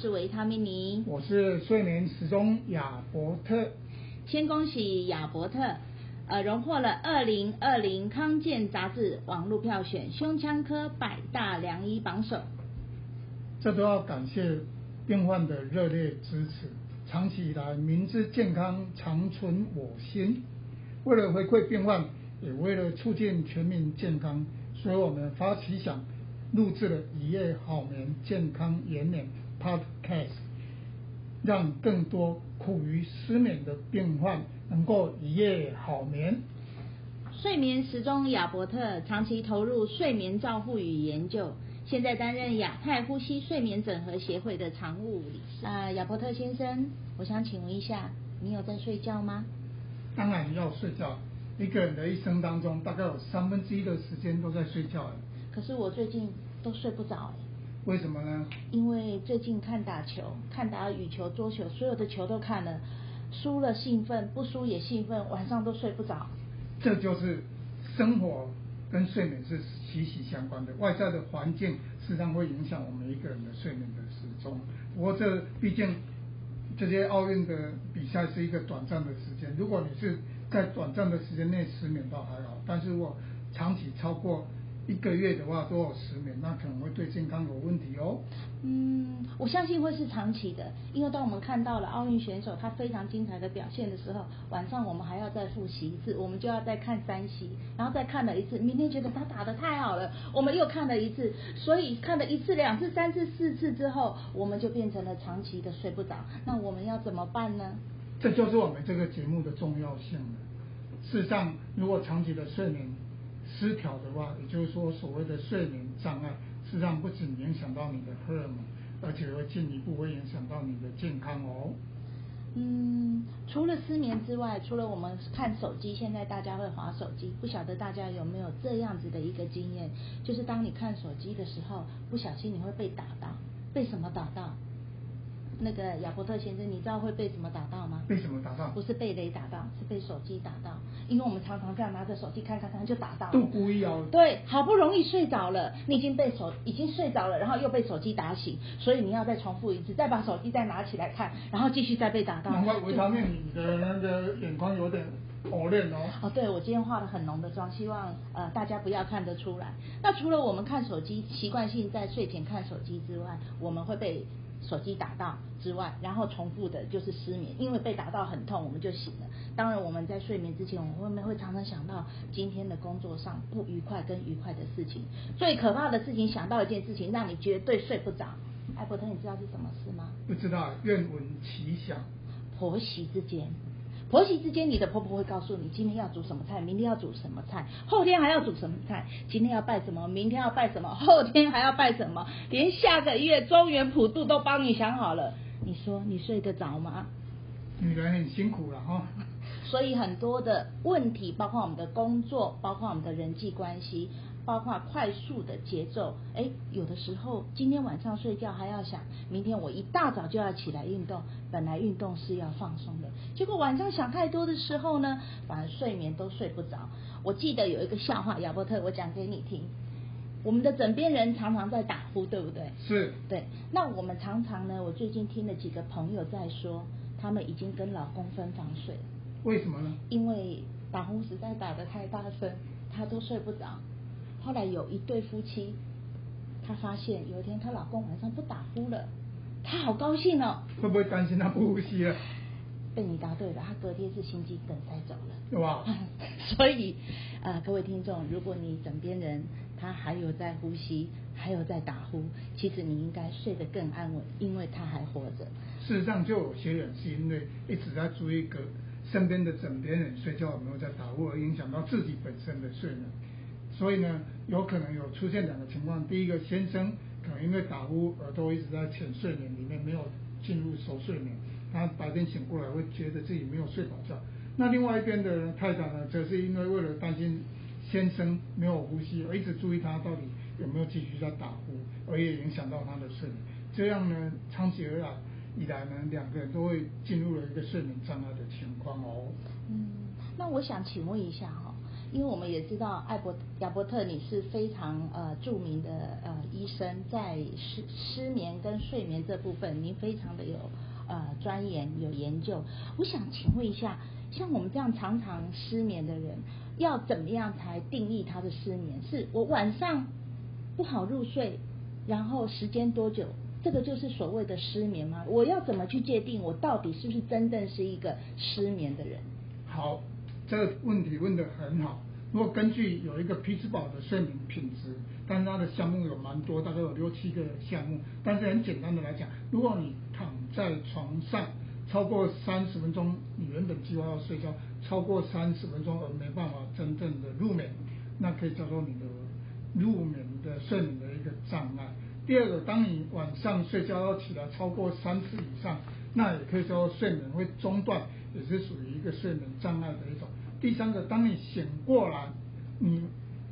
是維他命尼，我是睡眠時鐘亞伯特。先恭喜亞伯特，呃，榮獲了二零二零康健雜誌網絡票選胸腔科百大良醫榜首。這都要感謝病患的熱烈支持，長期以來，明知健康長存我心。為了回饋病患，也為了促進全民健康，所以我們發起想錄製了一夜好眠健康延年。Podcast，讓更多苦於失眠的病患能夠一夜好眠。睡眠時鐘亞伯特長期投入睡眠照護與研究，現在擔任亞太呼吸睡眠整合協會的常務理事。啊，呃，亞伯特先生，我想請問一下，你有在睡覺嗎？當然要睡覺，一個人的一生當中，大概有三分之一的時間都在睡覺。可是我最近都睡不着。為什麼呢？因為最近看打球、看打羽球、桌球，所有的球都看了，輸了興奮，不輸也興奮，晚上都睡不着。這就是生活跟睡眠是息息相關的，外在的環境時常會影響我們一個人的睡眠的時鐘。不過這畢竟這些奧運的比賽是一個短暫的時間，如果你是在短暫的時間內失眠倒還好，但是我長期超過。一個月的話多少失眠，那可能會對健康有問題哦。嗯，我相信會是長期的，因為當我們看到了奧運選手他非常精彩的表現的時候，晚上我們還要再復習一次，我們就要再看三席，然後再看了一次，明天覺得他打得太好了，我們又看了一次，所以看了一次、兩次、三次、四次之後，我們就變成了長期的睡不着。那我們要怎麼辦呢？這就是我們這個節目的重要性了。事實上，如果長期的睡眠，失調的話，也就是說，所謂的睡眠障礙，是讓不僅影響到你的荷爾蒙，而且會進一步會影響到你的健康哦。嗯，除了失眠之外，除了我們看手機，現在大家會滑手機，不曉得大家有沒有這樣子的一個經驗，就是當你看手機的時候，不小心你會被打到，被什麼打到？那個亞伯特先生，你知道會被什麼打到嗎？被什麼打到？不是被雷打到，是被手機打到。因為我們常常這樣拿着手機看看看就打到，都對，好不容易睡着了，你已經被手已經睡着了，然後又被手機打醒，所以你要再重複一次，再把手機再拿起來看，然後繼續再被打到。難怪維他命，人的眼眶有點紅潤哦。哦，對，我今天化了很濃的妝，希望呃大家不要看得出來。那除了我們看手機，習慣性在睡前看手機之外，我們會被。手機打到之外，然後重複的就是失眠，因為被打到很痛，我們就醒了。當然，我們在睡眠之前，我們會會常常想到今天的工作上不愉快跟愉快的事情。最可怕的事情，想到一件事情讓你絕對睡不着。艾伯特，你知道是什麼事嗎？不知道，願聞其詳。婆媳之間。婆媳之間，你的婆婆會告訴你今天要煮什麼菜，明天要煮什麼菜，後天還要煮什麼菜，今天要拜什麼，明天要拜什麼，後天還要拜什麼，連下個月中元普渡都幫你想好了。你說你睡得着嗎？女人很辛苦了哈、哦，所以很多的問題，包括我們的工作，包括我們的人際關係。包括快速的節奏，哎，有的時候今天晚上睡覺還要想，明天我一大早就要起來運動。本來運動是要放鬆的，結果晚上想太多的時候呢，反而睡眠都睡不着。我記得有一個笑話，亞伯特，我講給你聽。我們的枕邊人常常在打呼，對不對？是。對。那我們常常呢？我最近聽了幾個朋友在說，他們已經跟老公分房睡了。為什麼呢？因為打呼實在打得太大聲，他都睡不着。後來有一對夫妻，她發現有一天她老公晚上不打呼了，她好高興哦。喔。會不會擔心他不呼吸了？啊？被你答對了，他隔天是心肌梗塞走了。哇！ 所以、呃、各位聽眾，如果你枕邊人他還有在呼吸，還有在打呼，其實你應該睡得更安穩，因為他還活着。事實上，就有些人是因為一直在注意個身邊的枕邊人睡覺有沒有在打呼，而影響到自己本身的睡眠。所以呢，有可能有出現兩個情況。第一個，先生可能因為打呼，而都一直在淺睡眠裡面，沒有進入熟睡眠，他白天醒過來會覺得自己沒有睡好覺。那另外一邊的太太呢，則是因為為了擔心先生沒有呼吸，而一直注意他到底有沒有繼續在打呼，而也影響到他的睡眠。這樣呢，長期而來以來呢，兩個人都會進入了一個睡眠障礙的情況哦。嗯，那我想請問一下哈。因為我們也知道艾伯亞伯特，你是非常呃著名的呃醫生，在失失眠跟睡眠這部分，您非常的有呃鑽研有研究。我想請問一下，像我們這樣常常失眠的人，要怎麼樣才定義他的失眠？是我晚上不好入睡，然後時間多久，這個就是所謂的失眠嗎？我要怎麼去界定我到底是不是真正是一個失眠的人？好。這個問題問得很好。如果根據有一個匹茲堡的睡眠品質，但是它的項目有蠻多，大概有六七個項目。但是很簡單的來講，如果你躺在床上超過三十分鐘，你原本計劃要睡覺超過三十分鐘而沒辦法真正的入眠，那可以叫做你的入眠的睡眠的一個障礙。第二個，當你晚上睡覺要起來超過三次以上，那也可以說睡眠會中斷，也是屬於一個睡眠障礙的一種。第三個，當你醒過來，你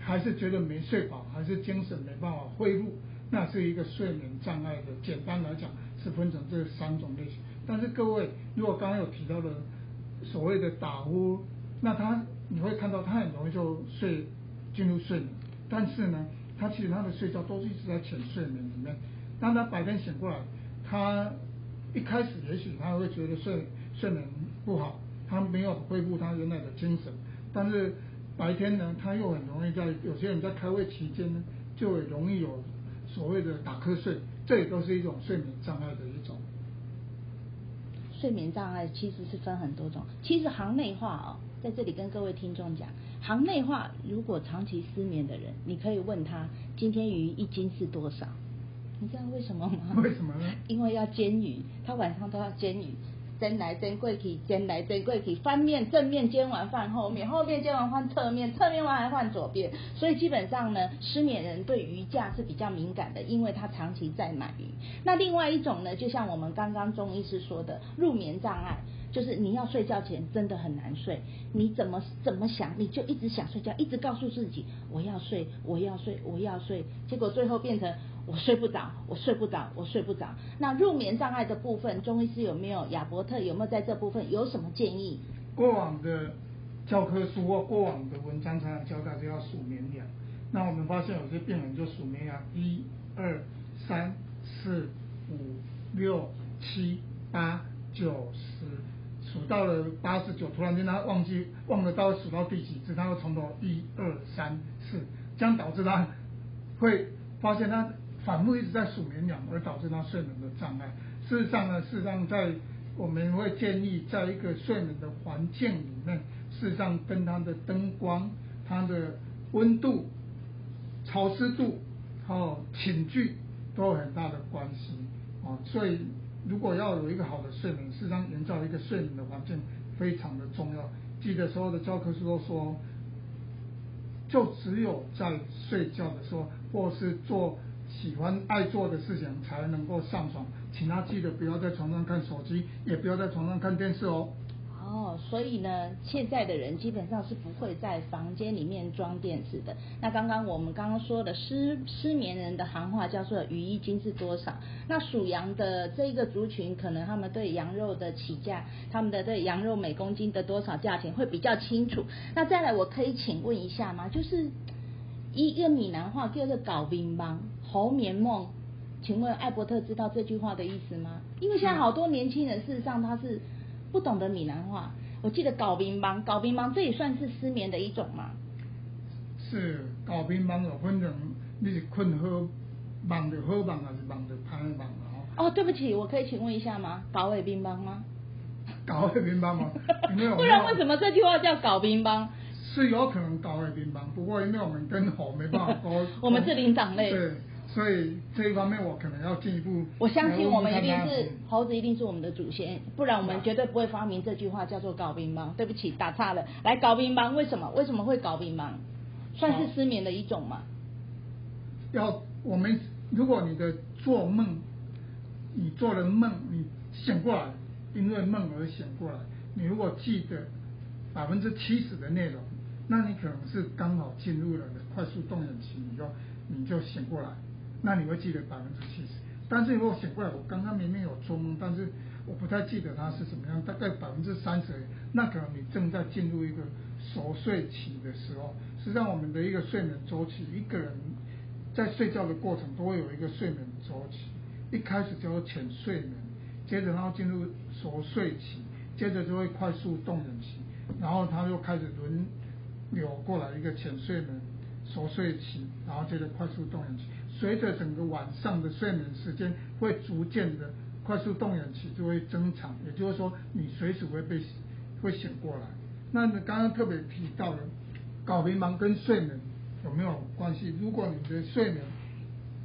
還是覺得沒睡飽，還是精神沒辦法恢復，那是一個睡眠障礙的。簡單來講，是分成這三種類型。但是各位，如果剛剛有提到的所謂的打呼，那他你會看到他很容易就睡進入睡眠，但是呢，他其實他的睡覺都是一直在淺睡眠裡面。當他白天醒過來，他一開始也許他會覺得睡睡眠不好。他沒有恢復他原來的精神，但是白天呢，他又很容易，在有些人在開會期間呢，就容易有所謂的打瞌睡，這也都是一種睡眠障礙的一種。睡眠障礙其實是分很多種，其實行內話哦，在這裡跟各位聽眾講，行內話，如果長期失眠的人，你可以問他今天魚一斤是多少，你知道為什麼嗎？為什麼呢？因為要煎魚，他晚上都要煎魚。煎來煎貴體，煎來煎貴體，翻面正面煎完換後面，後面煎完換側面，側面完還換左邊。所以基本上呢，失眠人對瑜伽是比較敏感的，因為他長期在買。那另外一種呢，就像我們剛剛中醫師說的，入眠障礙，就是你要睡覺前真的很難睡，你怎麼怎麼想，你就一直想睡覺，一直告訴自己我要，我要睡，我要睡，我要睡，結果最後變成。我睡不着，我睡不着，我睡不着。那入眠障礙的部分，中醫師有沒有亞伯特有沒有在這部分有什麼建議？過往的教科書或過往的文章常常教大家要數綿羊。那我們發現有些病人就數綿羊，一二三四五六七八九十，數到了八十九，突然間他忘記忘了，到數到第幾次，他會從頭一二三四，這樣導致他會發現他。反覆一直在數綿羊，而導致他睡眠的障礙。事實上呢，事實上在我們會建議，在一個睡眠的環境裡面，事實上跟他的燈光、他的溫度、潮濕度、還有寢具都有很大的關係。啊，所以如果要有一個好的睡眠，事實上營造一個睡眠的環境非常的重要。記得所有的教科書都說，就只有在睡覺的時候或是做。喜歡愛做的事情才能夠上床，請他記得不要在床上看手機，也不要在床上看電視哦。哦，所以呢，現在的人基本上是不會在房間裡面裝電視的。那剛剛我們剛剛說的失失眠人的行話叫做羽衣精是多少？那屬羊的這一個族群，可能他們對羊肉的起價，他們的對羊肉每公斤的多少價錢會比較清楚。那再來，我可以請問一下嗎？就是一個閩南話叫做搞乒乓。猴眠夢，請問艾伯特知道這句話的意思嗎？因為現在好多年輕人，事實上他是不懂得閩南話。我記得搞乒乓，搞乒乓這也算是失眠的一種嗎？是搞乒乓，有可能你是困好，忙得喝夢，還是忙得拍夢？哦，對不起，我可以請問一下嗎？搞偽乒乓嗎？搞偽乒乓嗎？沒有。 不然為什麼這句話叫搞乒乓？是有可能搞偽乒乓，不過因為我們跟猴沒辦法搞， 我們是靈長類。對。所以這一方面我可能要進一步問問，我相信我們一定是猴子，一定是我們的祖先，不然我們絕對不會發明這句話叫做“搞乒乓”。對不起，打岔了。來搞乒乓，為什麼？為什麼會搞乒乓？算是失眠的一種嗎？哦？要我們，如果你的做夢，你做了夢，你醒過來，因為夢而醒過來，你如果記得百分之七十的內容，那你可能是剛好進入了快速動眼期，你就你就醒過來。那你會記得百分之七十，但是如果醒過來，我剛剛明明有做夢，但是我不太記得它是怎麼樣，大概百分之三十。那可能你正在進入一個熟睡期的時候，實際上我們的一個睡眠周期，一個人在睡覺的過程都會有一個睡眠周期，一開始叫做淺睡眠，接着然後進入熟睡期，接着就會快速動眼期，然後他又開始輪流過來一個淺睡眠、熟睡期，然後接着快速動眼期。隨着整個晚上的睡眠時間會逐漸的快速動眼期就會增長，也就是說你隨時會被會醒過來。那你剛剛特別提到了搞迷茫跟睡眠有沒有關係？如果你覺得睡眠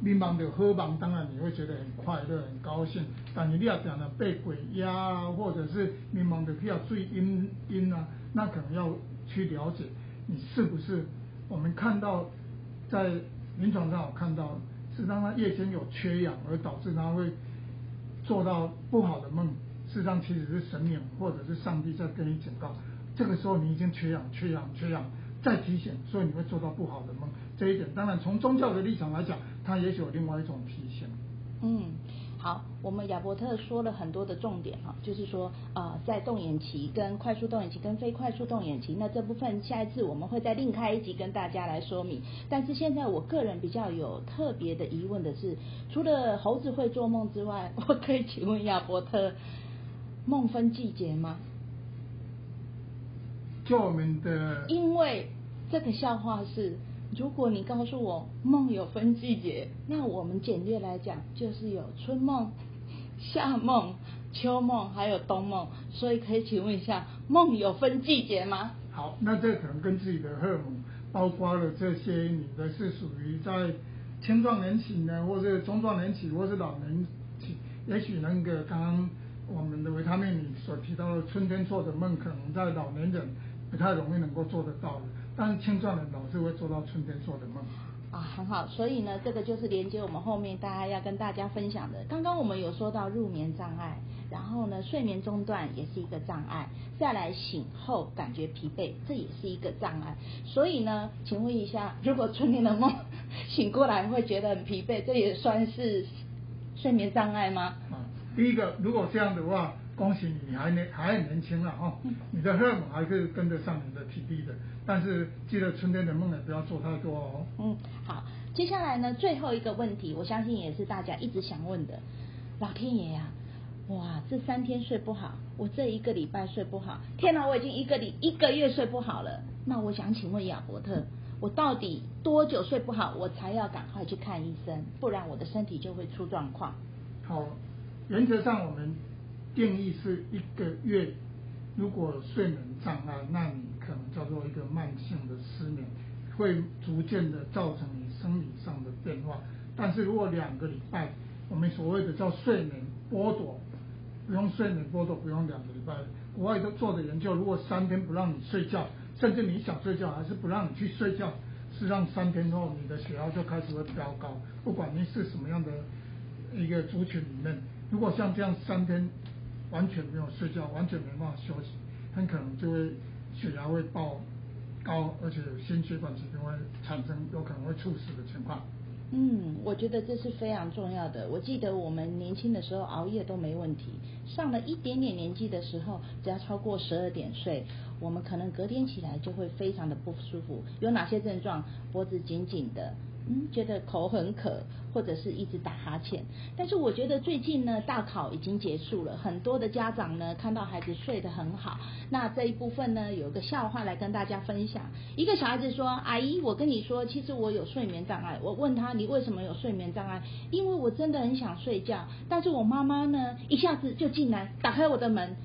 迷茫的喝茫，當然你會覺得很快樂、很高興。但你一定要講的被鬼壓，或者是迷茫的比較注意暈暈啊，那可能要去了解你是不是我們看到在。臨床上我看到，是當他夜間有缺氧，而導致他會做到不好的夢。事實上其實是神明或者是上帝在跟你警告，這個時候你已經缺氧、缺氧、缺氧，再提醒，所以你會做到不好的夢。這一點，當然從宗教的立場來講，他也許有另外一種提醒。嗯。好，我們亞伯特說了很多的重點啊，就是說，啊、呃，在動眼期跟快速動眼期跟非快速動眼期，那這部分下一次我們會再另開一集跟大家來說明。但是現在我個人比較有特別的疑問的是，除了猴子會做夢之外，我可以請問亞伯特，夢分季節嗎？做我們的，因為這個笑話是。如果你告訴我夢有分季節，那我們簡略來講就是有春夢、夏夢、秋夢，還有冬夢。所以可以請問一下，夢有分季節嗎？好，那這可能跟自己的荷爾蒙，包括了這些，你的是屬於在青壯年期呢，或是中壯年期，或是老年期，也許那個剛剛我們的維他命裡所提到的春天做的夢，可能在老年人不太容易能夠做得到的。但是青少年總是會做到春天做的夢啊，啊，很好。所以呢，這個就是連接我們後面大家要跟大家分享的。剛剛我們有說到入眠障礙，然後呢，睡眠中斷也是一個障礙。再來醒後感覺疲憊，這也是一個障礙。所以呢，請問一下，如果春天的夢醒過來會覺得很疲憊，這也算是睡眠障礙嗎？啊，第一個如果這樣的話。恭喜你，你還年還很年輕了哈，你的荷爾蒙還是跟得上你的體力的。但是記得春天的夢，也不要做太多哦。嗯，好，接下來呢，最後一個問題，我相信也是大家一直想問的。老天爺呀、啊，哇，這三天睡不好，我這一個禮拜睡不好，天哪、啊，我已經一個禮一個月睡不好了。那我想請問亞伯特，我到底多久睡不好，我才要趕快去看醫生，不然我的身體就會出狀況。好，原則上我們。定義是一個月，如果睡眠障礙，那你可能叫做一個慢性的失眠，會逐漸的造成你生理上的變化。但是如果兩個禮拜，我們所謂的叫睡眠剝奪，不用睡眠剝奪，不用兩個禮拜，國外都做的研究，如果三天不讓你睡覺，甚至你想睡覺還是不讓你去睡覺，事實上三天後你的血壓就開始會飆高，不管你是什麼樣的一個族群裡面，如果像這樣三天。完全沒有睡覺，完全沒辦法休息，很可能就會血壓會爆高，而且心血管疾病會產生有可能會猝死的情況。嗯，我覺得這是非常重要的。我記得我們年輕的時候熬夜都沒問題，上了一點點年紀的時候，只要超過十二點睡，我們可能隔天起來就會非常的不舒服。有哪些症狀？脖子緊緊的。嗯，覺得口很渴，或者是一直打哈欠。但是我覺得最近呢，大考已經結束了，很多的家長呢看到孩子睡得很好。那這一部分呢，有一個笑話來跟大家分享。一個小孩子說：“阿姨，我跟你說，其實我有睡眠障礙。”我問他：“你為什麼有睡眠障礙？”因為我真的很想睡覺，但是我媽媽呢，一下子就進來打開我的門。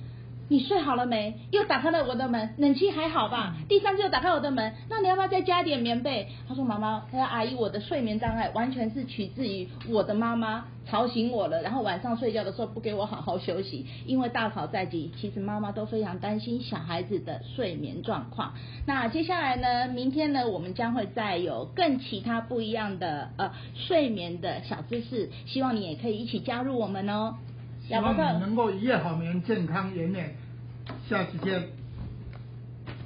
你睡好了沒？又打開了我的門，冷氣還好吧？第三次又打開我的門，那你要不要再加一點棉被？他說：“媽媽，他說阿姨，我的睡眠障礙完全是取自於我的媽媽吵醒我了，然後晚上睡覺的時候不給我好好休息，因為大考在即。其實媽媽都非常擔心小孩子的睡眠狀況。那接下來呢，明天呢，我們將會再有更其他不一樣的呃睡眠的小知識，希望你也可以一起加入我們哦。”希望你能夠一夜好眠，健康延年。下次見。